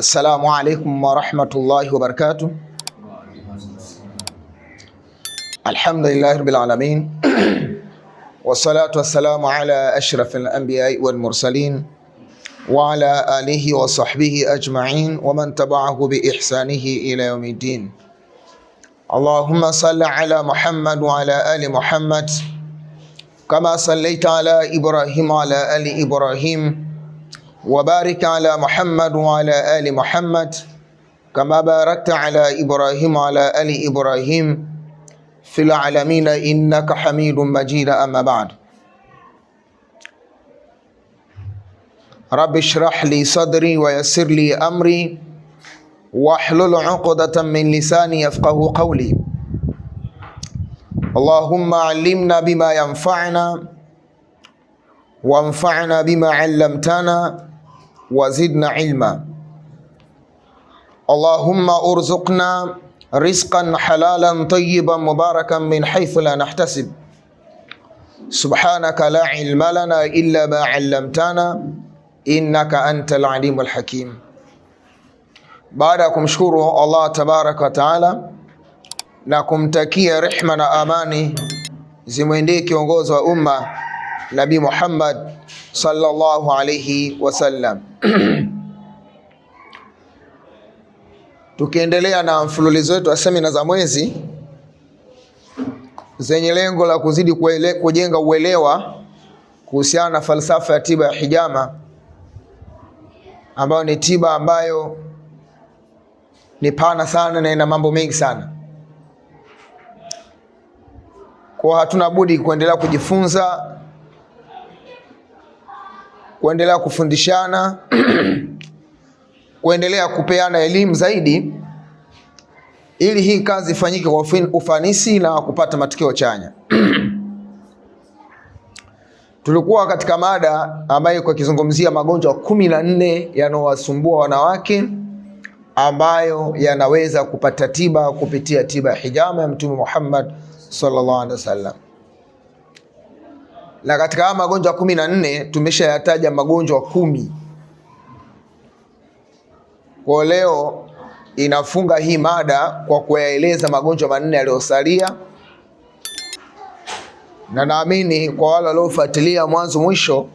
السلام عليكم ورحمة الله وبركاته الحمد لله رب العالمين والصلاة والسلام على أشرف الأنبياء والمرسلين وعلى آله وصحبه أجمعين ومن تبعه بإحسانه إلى يوم الدين اللهم صل على محمد وعلى آل محمد كما صليت على إبراهيم وعلى آل إبراهيم وبارك على محمد وعلى آل محمد كما باركت على إبراهيم وعلى آل إبراهيم في العالمين إنك حميد مجيد أما بعد رب اشرح لي صدري ويسر لي أمري واحلل عقدة من لساني يفقه قولي اللهم علمنا بما ينفعنا وانفعنا بما علمتنا وزدنا علما اللهم ارزقنا رزقا حلالا طيبا مباركا من حيث لا نحتسب سبحانك لا علم لنا إلا ما علمتنا إنك أنت العليم الحكيم بعد ya الله تبارك وتعالى wa taala رحمنا اماني زمندي كيونغوز وامه Nabi Muhammad sallallahu alayhi wasallam. Tukiendelea na mfululizo wetu wa semina za mwezi zenye lengo la kuzidi kujenga uelewa kuhusiana na falsafa ya tiba ya hijama, ambayo ni tiba ambayo ni pana sana na ina mambo mengi sana. Kwa hatuna budi kuendelea kujifunza kuendelea kufundishana kuendelea kupeana elimu zaidi, ili hii kazi ifanyike kwa ufanisi na kupata matokeo chanya. Tulikuwa katika mada ambayo kwa kizungumzia magonjwa kumi na nne yanayowasumbua wanawake ambayo yanaweza kupata tiba kupitia tiba ya hijama ya Mtume Muhammad sallallahu alaihi wasallam na katika haya magonjwa kumi na nne tumeshayataja magonjwa kumi. Kwa leo inafunga hii mada kwa kuyaeleza magonjwa manne yaliyosalia, na naamini kwa wale waliofuatilia mwanzo mwisho,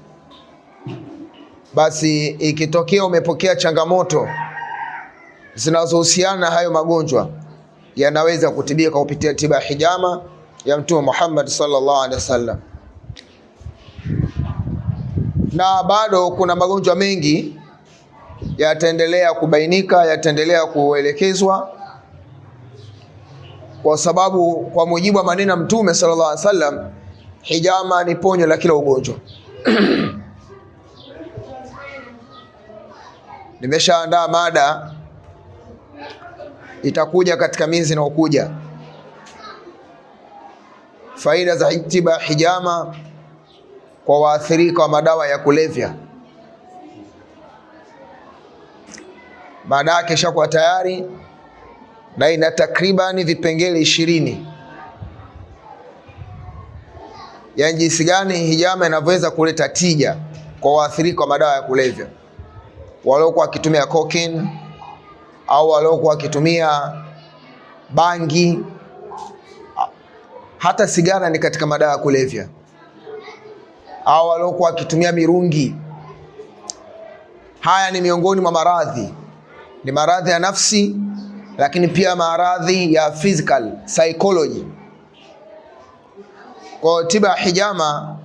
basi ikitokea umepokea changamoto zinazohusiana na hayo magonjwa, yanaweza kutibika kupitia tiba ya hijama ya Mtume Muhammad sallallahu alaihi wasallam na bado kuna magonjwa mengi yataendelea kubainika, yataendelea kuelekezwa, kwa sababu kwa mujibu wa maneno ya Mtume sallallahu alaihi wasallam, hijama ni ponyo la kila ugonjwa. Nimeshaandaa mada itakuja katika miezi inayokuja, faida za tiba hijama kwa waathirika wa madawa ya kulevya. Mada yake ishakuwa tayari na ina takribani vipengele ishirini ya jinsi gani hijama inavyoweza kuleta tija kwa waathirika wa madawa ya kulevya waliokuwa wakitumia cocaine au waliokuwa wakitumia bangi, hata sigara ni katika madawa ya kulevya au waliokuwa wakitumia mirungi. Haya ni miongoni mwa maradhi, ni maradhi ya nafsi, lakini pia maradhi ya physical psychology. Kwa tiba ya hijama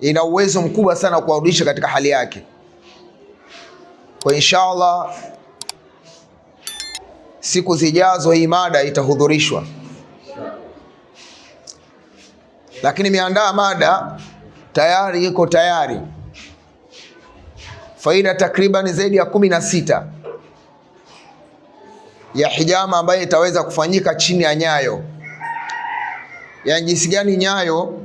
ina uwezo mkubwa sana wa kuwarudisha katika hali yake. Kwa inshallah, siku zijazo hii mada itahudhurishwa, lakini miandaa mada tayari iko tayari, faida takriban zaidi ya kumi na sita ya hijama ambayo itaweza kufanyika chini ya nyayo, ya jinsi gani nyayo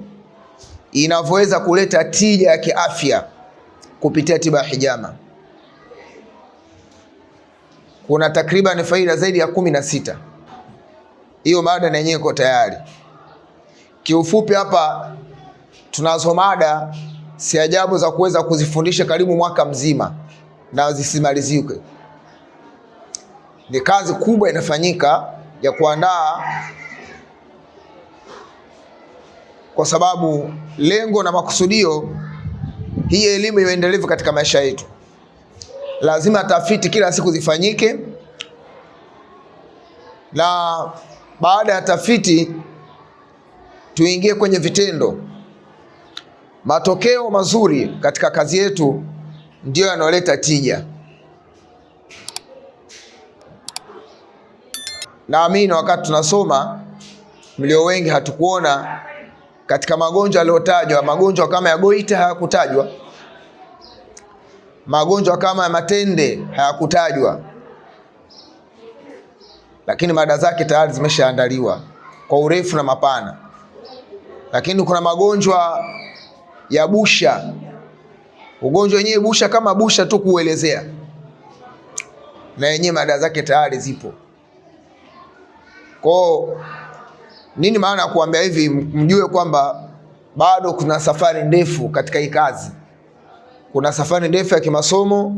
inavyoweza kuleta tija ya kiafya kupitia tiba ya hijama. Kuna takriban faida zaidi ya kumi na sita. Hiyo mada na yenyewe iko tayari. Kiufupi hapa tunazo mada si ajabu za kuweza kuzifundisha karibu mwaka mzima na zisimalizike. Ni kazi kubwa inafanyika ya kuandaa, kwa sababu lengo na makusudio hii elimu iwe katika maisha yetu. Lazima tafiti kila siku zifanyike, na baada ya tafiti tuingie kwenye vitendo. Matokeo mazuri katika kazi yetu ndiyo yanayoleta tija. Naamini wakati tunasoma mlio wengi hatukuona katika magonjwa yaliyotajwa, magonjwa kama ya goita hayakutajwa, magonjwa kama ya matende hayakutajwa, lakini mada zake tayari zimeshaandaliwa kwa urefu na mapana, lakini kuna magonjwa ya busha. Ugonjwa wenyewe busha kama busha tu kuelezea, na yenyewe mada zake tayari zipo. Kwao nini maana ya kuambia hivi? Mjue kwamba bado kuna safari ndefu katika hii kazi. Kuna safari ndefu ya kimasomo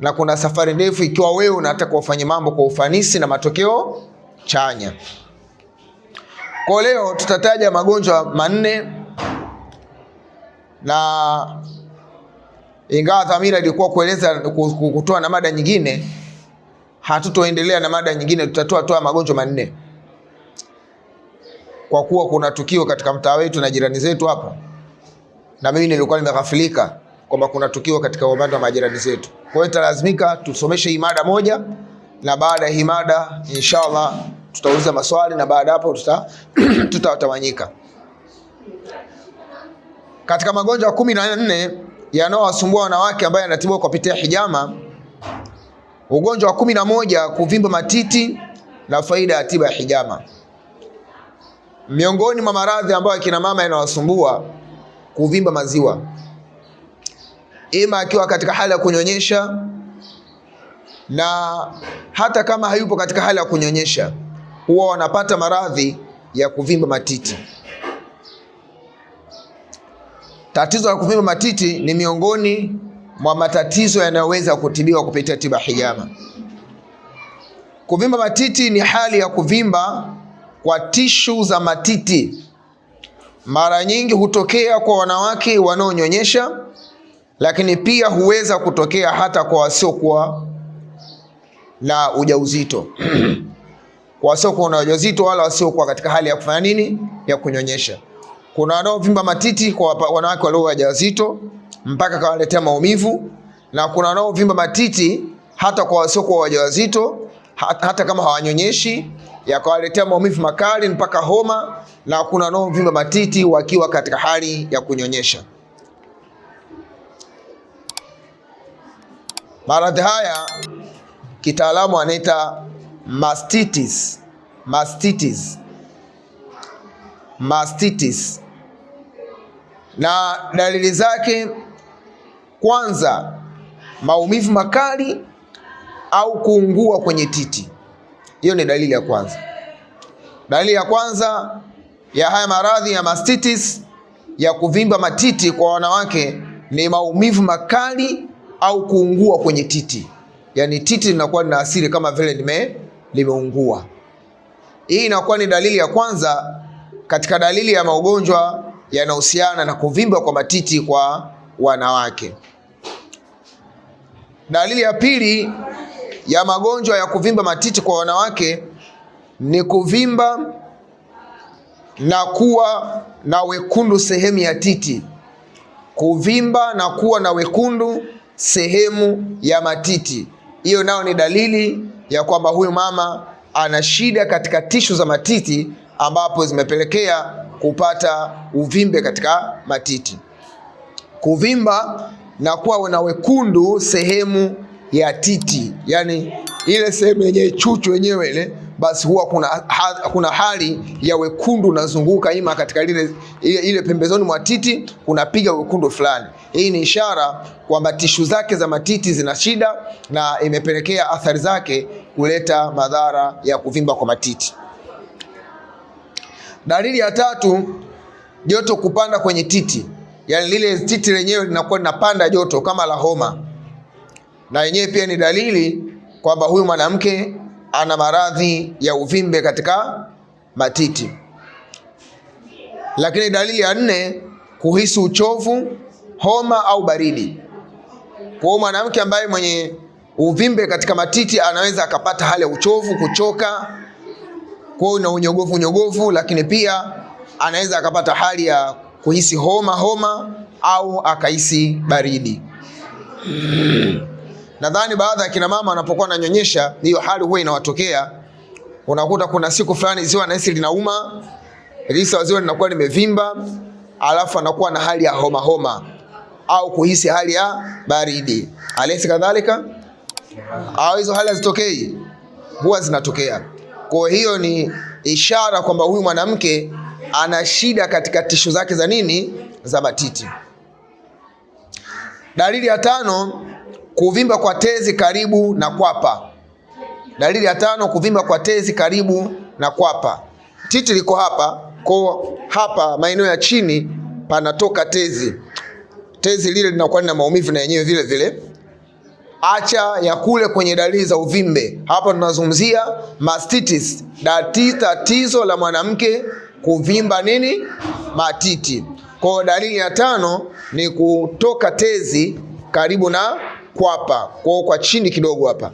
na kuna safari ndefu ikiwa wewe unataka ufanye mambo kwa ufanisi na matokeo chanya. Kwa leo tutataja magonjwa manne na ingawa dhamira ilikuwa kueleza kutoa na mada nyingine, hatutoendelea na mada nyingine, tutatoa toa magonjwa manne, kwa kuwa kuna tukio katika mtaa wetu na jirani zetu hapa, na mimi nilikuwa nimeghafilika kwamba kuna tukio katika upande wa majirani zetu. Kwa hiyo italazimika tusomeshe hii mada moja, na baada ya hii mada inshallah tutauliza maswali na baada hapo tutatawanyika tuta Katika magonjwa kumi na nne yanayowasumbua wanawake ambayo yanatibiwa kwa kupitia hijama, ugonjwa wa kumi na moja kuvimba matiti na faida ya tiba ya hijama. Miongoni mwa maradhi ambayo akina mama yanawasumbua, kuvimba maziwa, ima akiwa katika hali ya kunyonyesha na hata kama hayupo katika hali ya kunyonyesha, huwa wanapata maradhi ya kuvimba matiti. Tatizo la kuvimba matiti ni miongoni mwa matatizo yanayoweza kutibiwa kupitia tiba hijama. Kuvimba matiti ni hali ya kuvimba kwa tishu za matiti. Mara nyingi hutokea kwa wanawake wanaonyonyesha, lakini pia huweza kutokea hata kwa wasiokuwa na ujauzito kwa wasiokuwa na ujauzito wala wasiokuwa katika hali ya kufanya nini, ya kunyonyesha. Kuna wanaovimba matiti kwa wanawake walio wajawazito mpaka kawaletea maumivu, na kuna wanaovimba matiti hata kwa wasiokuwa wajawazito hata kama hawanyonyeshi yakawaletea maumivu makali mpaka homa, na kuna wanaovimba matiti wakiwa katika hali ya kunyonyesha. Maradhi haya kitaalamu anaita mastitis. Mastitis. Mastitis na dalili zake, kwanza, maumivu makali au kuungua kwenye titi. Hiyo ni dalili ya kwanza. Dalili ya kwanza ya haya maradhi ya mastitis ya kuvimba matiti kwa wanawake ni maumivu makali au kuungua kwenye titi, yaani titi linakuwa lina asili kama vile lime limeungua. Hii inakuwa ni dalili ya kwanza katika dalili ya magonjwa yanahusiana na kuvimba kwa matiti kwa wanawake. Dalili ya pili ya magonjwa ya kuvimba matiti kwa wanawake ni kuvimba na kuwa na wekundu sehemu ya titi. Kuvimba na kuwa na wekundu sehemu ya matiti, hiyo nayo ni dalili ya kwamba huyu mama ana shida katika tishu za matiti ambapo zimepelekea kupata uvimbe katika matiti, kuvimba na kuwa na wekundu sehemu ya titi, yani ile sehemu yenye chuchu yenyewe ile basi huwa kuna, ha, kuna hali ya wekundu unazunguka ima katika lile, ile, ile pembezoni mwa titi kunapiga wekundu fulani. Hii ni ishara kwamba tishu zake za matiti zina shida na imepelekea athari zake kuleta madhara ya kuvimba kwa matiti. Dalili ya tatu, joto kupanda kwenye titi, yaani lile titi lenyewe linakuwa linapanda joto kama la homa, na yenyewe pia ni dalili kwamba huyu mwanamke ana maradhi ya uvimbe katika matiti. Lakini dalili ya nne, kuhisi uchovu, homa au baridi. Kwa hiyo mwanamke ambaye mwenye uvimbe katika matiti anaweza akapata hali ya uchovu, kuchoka kwa hiyo na unyogovu unyogovu, lakini pia anaweza akapata hali ya kuhisi homa homa au akahisi baridi. Nadhani baadhi ya kina mama wanapokuwa wananyonyesha hiyo hali huwa inawatokea. Unakuta kuna siku fulani ziwa nahisi linauma, lisa ziwa linakuwa limevimba, alafu anakuwa na hali ya homa homa au kuhisi hali ya baridi. alisi kadhalika au hizo hali hazitokei, huwa zinatokea. Kwa hiyo ni ishara kwamba huyu mwanamke ana shida katika tishu zake za nini, za matiti. Dalili ya tano, kuvimba kwa tezi karibu na kwapa. Dalili ya tano, kuvimba kwa tezi karibu na kwapa. Titi liko hapa kwa hapa, maeneo ya chini panatoka tezi, tezi lile linakuwa na maumivu na yenyewe vile vile acha ya kule kwenye dalili za uvimbe. Hapa tunazungumzia mastitis, dati tatizo la mwanamke kuvimba nini matiti. Kwa dalili ya tano ni kutoka tezi karibu na kwapa, kwa kwa chini kidogo hapa.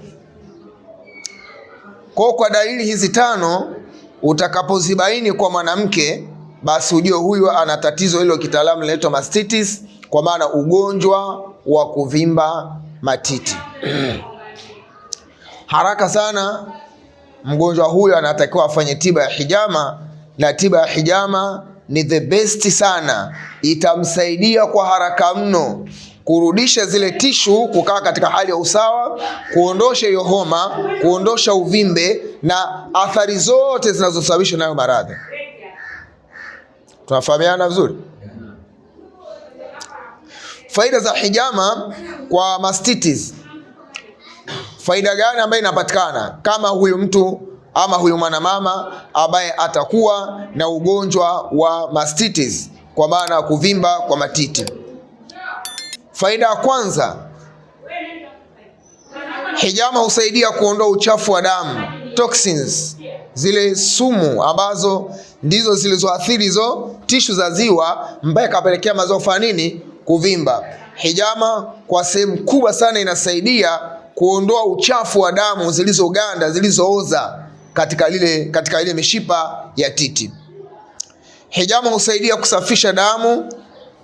Kwa kwa dalili hizi tano utakapozibaini kwa mwanamke, basi ujue huyu ana tatizo hilo kitaalamu linaitwa mastitis, kwa maana ugonjwa wa kuvimba matiti haraka sana mgonjwa huyo anatakiwa afanye tiba ya hijama, na tiba ya hijama ni the best sana, itamsaidia kwa haraka mno kurudisha zile tishu kukaa katika hali ya usawa, kuondosha hiyo homa, kuondosha uvimbe na athari zote zinazosababishwa nayo maradhi. Tunafahamiana vizuri? Faida za hijama kwa mastitis, faida gani ambayo inapatikana kama huyu mtu ama huyu mwanamama ambaye atakuwa na ugonjwa wa mastitis, kwa maana ya kuvimba kwa matiti? Faida ya kwanza, hijama husaidia kuondoa uchafu wa damu, toxins, zile sumu ambazo ndizo zilizoathiri hizo tishu za ziwa, mpaka ikapelekea maziwa kufanya nini kuvimba. Hijama kwa sehemu kubwa sana inasaidia kuondoa uchafu wa damu zilizoganda zilizooza katika lile, katika ile mishipa ya titi. Hijama husaidia kusafisha damu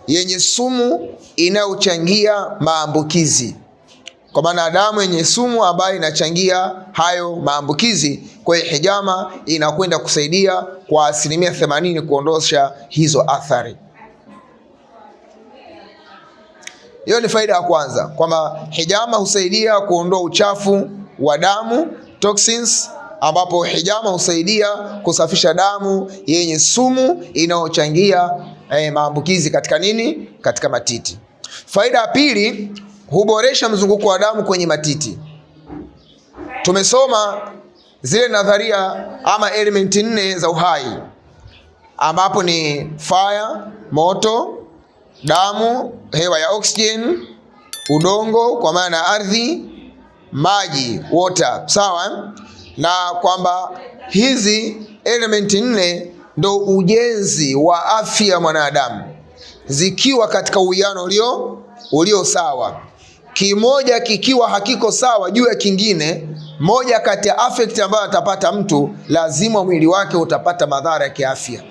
yenye sumu inayochangia maambukizi, kwa maana damu yenye sumu ambayo inachangia hayo maambukizi. Kwa hiyo hijama inakwenda kusaidia kwa asilimia themanini kuondosha hizo athari. Hiyo ni faida ya kwanza, kwamba hijama husaidia kuondoa uchafu wa damu toxins, ambapo hijama husaidia kusafisha damu yenye sumu inayochangia eh, maambukizi katika nini, katika matiti. Faida ya pili, huboresha mzunguko wa damu kwenye matiti. Tumesoma zile nadharia ama elementi nne za uhai, ambapo ni fire, moto damu, hewa ya oxygen, udongo kwa maana ya ardhi, maji water, sawa na kwamba hizi elementi nne ndo ujenzi wa afya ya mwanadamu zikiwa katika uwiano ulio ulio sawa, kimoja kikiwa hakiko sawa juu ya kingine, moja kati ya affect ambayo atapata mtu, lazima mwili wake utapata madhara ya kiafya.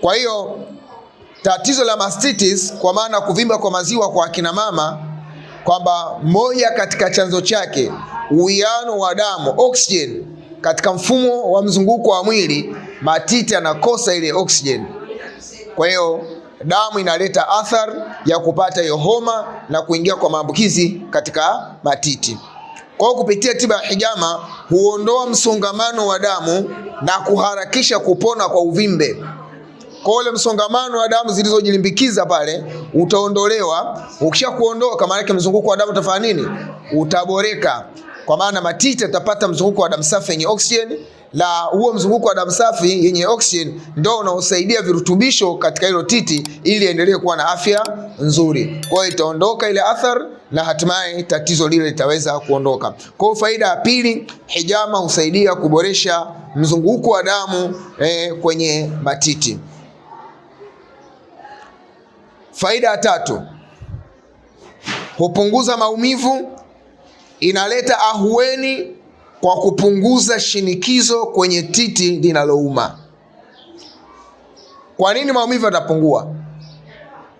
Kwa hiyo tatizo la mastitis kwa maana kuvimba kwa maziwa kwa akina mama, kwamba moja katika chanzo chake uwiano wa damu oxygen katika mfumo wa mzunguko wa mwili, matiti anakosa ile oxygen. Kwa hiyo damu inaleta athari ya kupata hiyo homa na kuingia kwa maambukizi katika matiti. Kwa hiyo kupitia tiba ya hijama huondoa msongamano wa damu na kuharakisha kupona kwa uvimbe. Kwa ule msongamano wa damu zilizojilimbikiza pale utaondolewa. Ukisha kuondoka, maana yake mzunguko wa damu utafanya nini? Utaboreka, kwa maana matiti atapata mzunguko wa damu safi yenye oksijeni la huo mzunguko wa damu safi yenye oxygen ndio unaosaidia virutubisho katika hilo titi ili endelee kuwa na afya nzuri. Kwa hiyo itaondoka ile athar na hatimaye tatizo lile litaweza kuondoka. Kwa hiyo faida ya pili, hijama husaidia kuboresha mzunguko wa damu eh, kwenye matiti. Faida ya tatu, hupunguza maumivu, inaleta ahueni kwa kupunguza shinikizo kwenye titi linalouma. Kwa nini maumivu yatapungua?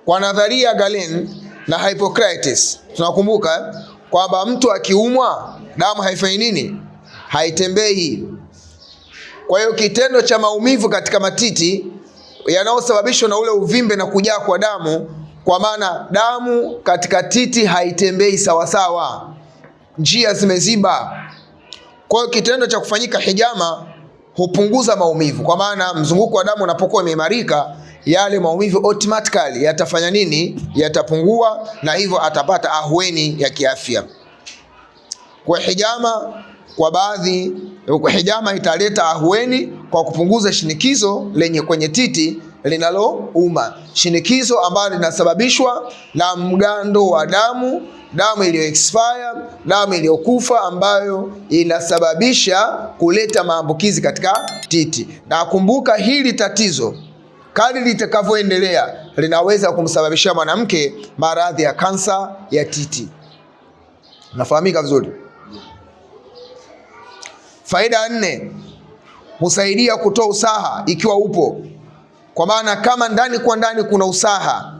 Kwa nadharia ya Galen na Hippocrates, tunakumbuka eh, kwamba mtu akiumwa damu haifanyi nini? Haitembei. Kwa hiyo kitendo cha maumivu katika matiti yanayosababishwa na ule uvimbe na kujaa kwa damu, kwa maana damu katika titi haitembei sawasawa, njia zimeziba. Kwa hiyo kitendo cha kufanyika hijama hupunguza maumivu, kwa maana mzunguko wa damu unapokuwa imeimarika yale maumivu automatically yatafanya nini? Yatapungua, na hivyo atapata ahueni ya kiafya. Kwa hijama kwa baadhi, hijama italeta ahueni kwa kupunguza shinikizo lenye kwenye titi linalouma, shinikizo ambalo linasababishwa na mgando wa damu, damu iliyo expire, damu iliyokufa ambayo inasababisha kuleta maambukizi katika titi. Na kumbuka hili tatizo kadri litakavyoendelea linaweza kumsababishia mwanamke maradhi ya kansa ya titi. Nafahamika vizuri. Faida ya nne, husaidia kutoa usaha ikiwa upo, kwa maana kama ndani kwa ndani kuna usaha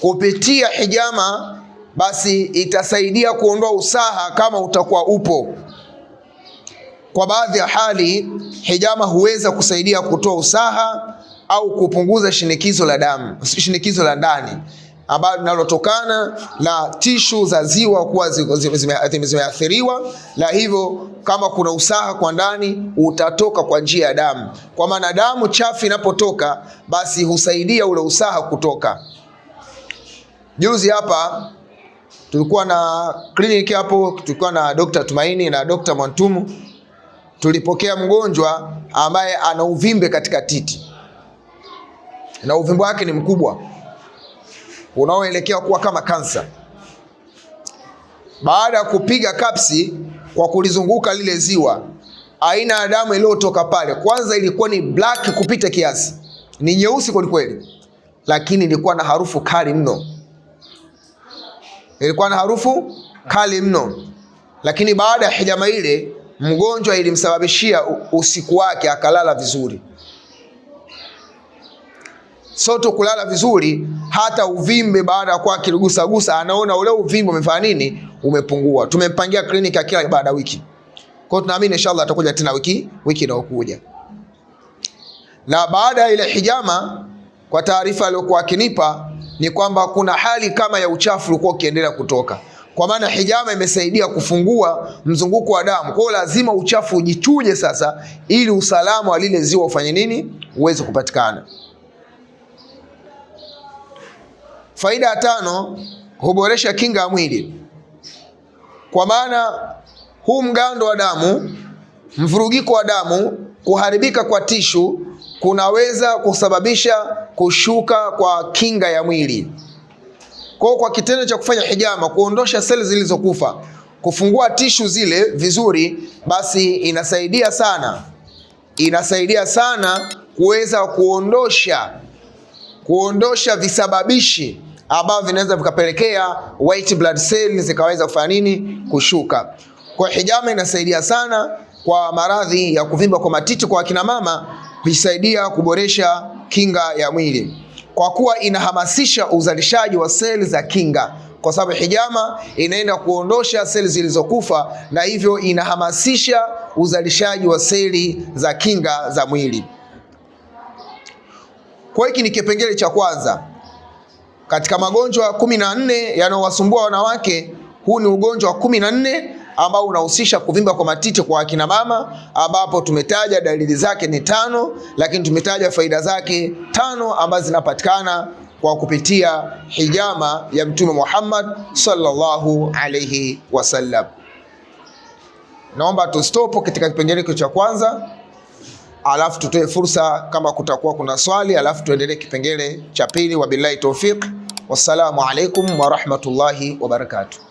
kupitia hijama, basi itasaidia kuondoa usaha kama utakuwa upo. Kwa baadhi ya hali, hijama huweza kusaidia kutoa usaha au kupunguza shinikizo la damu, shinikizo la ndani ambalo linalotokana na tishu za ziwa kuwa zimeathiriwa, na hivyo kama kuna usaha kwa ndani utatoka kwa njia ya damu, kwa maana damu chafu inapotoka basi husaidia ule usaha kutoka. Juzi hapa tulikuwa na kliniki hapo, tulikuwa na Dr. Tumaini na Dr. Mwantumu, tulipokea mgonjwa ambaye ana uvimbe katika titi na uvimbe wake ni mkubwa unaoelekea kuwa kama kansa. Baada ya kupiga kapsi kwa kulizunguka lile ziwa, aina ya damu iliyotoka pale, kwanza ilikuwa ni black kupita kiasi, ni nyeusi kwelikweli, lakini ilikuwa na harufu kali mno, ilikuwa na harufu kali mno. Lakini baada ya hijama ile, mgonjwa ilimsababishia usiku wake akalala vizuri soto kulala vizuri, hata uvimbe baada ya kuwa akigusagusa anaona ule uvimbe umefanya nini, umepungua. Tumempangia kliniki kila baada ya wiki, kwa hiyo tunaamini inshallah atakuja tena wiki wiki inayokuja. Na baada ya ile hijama, kwa taarifa aliyokuwa akinipa ni kwamba kuna hali kama ya uchafu ulikuwa ukiendelea kutoka kwa maana hijama imesaidia kufungua mzunguko wa damu. Kwa hiyo lazima uchafu ujichuje sasa, ili usalama wa lile ziwa ufanye nini, uweze kupatikana. Faida ya tano, huboresha kinga ya mwili, kwa maana huu mgando wa damu, mvurugiko wa damu, kuharibika kwa tishu kunaweza kusababisha kushuka kwa kinga ya mwili. Kwa kwa kitendo cha kufanya hijama, kuondosha seli zilizokufa, kufungua tishu zile vizuri, basi inasaidia sana, inasaidia sana kuweza kuondosha kuondosha visababishi ambavyo vinaweza vikapelekea white blood cells zikaweza kufanya nini, kushuka. Kwa hijama inasaidia sana kwa maradhi ya kuvimba kwa matiti kwa akina mama, kuisaidia kuboresha kinga ya mwili kwa kuwa inahamasisha uzalishaji wa seli za kinga kwa sababu hijama inaenda kuondosha seli zilizokufa na hivyo inahamasisha uzalishaji wa seli za kinga za mwili. Kwa hiki ni kipengele cha kwanza. Katika magonjwa kumi na nne yanayowasumbua wanawake, huu ni ugonjwa wa kumi na nne ambao unahusisha kuvimba kwa matiti kwa akina mama, ambapo tumetaja dalili zake ni tano, lakini tumetaja faida zake tano ambazo zinapatikana kwa kupitia hijama ya Mtume Muhammad sallallahu alayhi wasallam. Naomba tustopo katika kipengele cha kwanza alafu tutoe fursa kama kutakuwa kuna swali, alafu tuendelee kipengele cha pili. Wabillahi taufiq wassalamu alaikum warahmatullahi wabarakatuh.